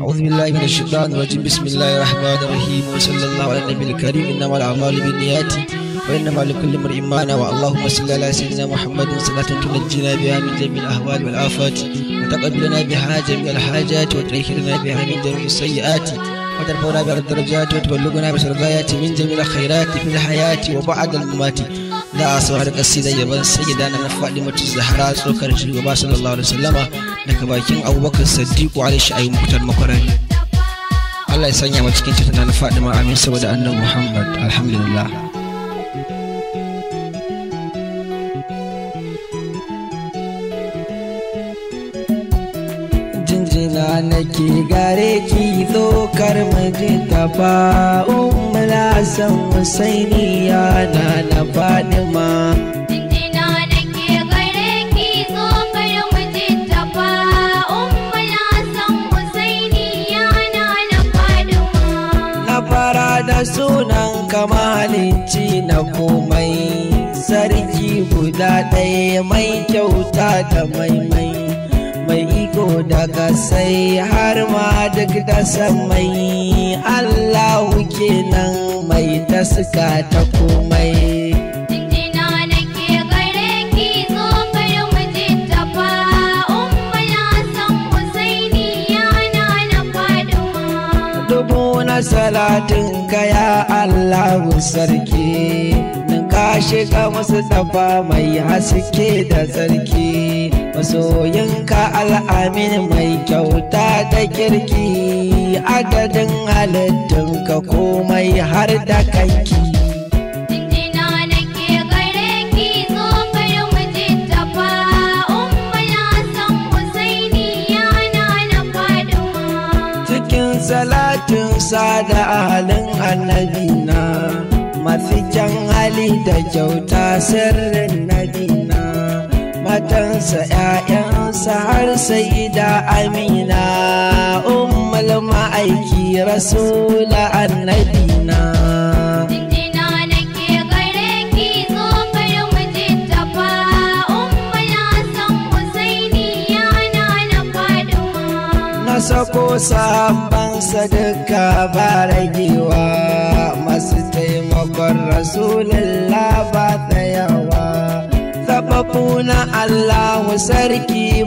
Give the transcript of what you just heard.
أعوذ بالله من الشيطان الرجيم بسم الله الرحمن الرحيم وصلى الله على النبي الكريم إنما الأعمال بالنيات وإنما لكل امرئ ما نوى اللهم صل على سيدنا محمد صلاة تنجينا بها من جميع الأهوال والآفات وتقبلنا بها جميع الحاجات وتطهرنا بها من جميع السيئات وترفعنا بها الدرجات وتبلغنا بسرقايات من جميع الخيرات في الحياة وبعد الممات da a saurari da yaban sayyida na da Zahra tsokar shugaba sallallahu alaihi wasallama daga bakin Abubakar Siddiqu alaihi sha'i mutar makwarari Allah ya sanya mu cikin ceton na faɗi ma amin saboda annan Muhammad alhamdulillah jinjina nake gare ki zo kar mu ji ta ba san hasan ni ya na na faɗi. kara da sunan kamalinci na komai sarki guda ɗaya mai kyauta da maimai mai iko daga sai har ma duk da samai allahu kenan mai taska ta komai salatin ka ya Allahu sarki ka shiga musu tsafa mai haske da sarki masoyinka al'amin mai kyauta da kirki adadin halittunka komai har da kanki salatin sada halin annabina mafi kyan hali da kyauta sirrin nabina matansa ‘ya'yansa har sai da amina ummal ma'aiki rasula annabina sako sabon sadaka ba ragewa masu taimakon rasulullah ba tsayawa zaɓaɓu na allahu sarki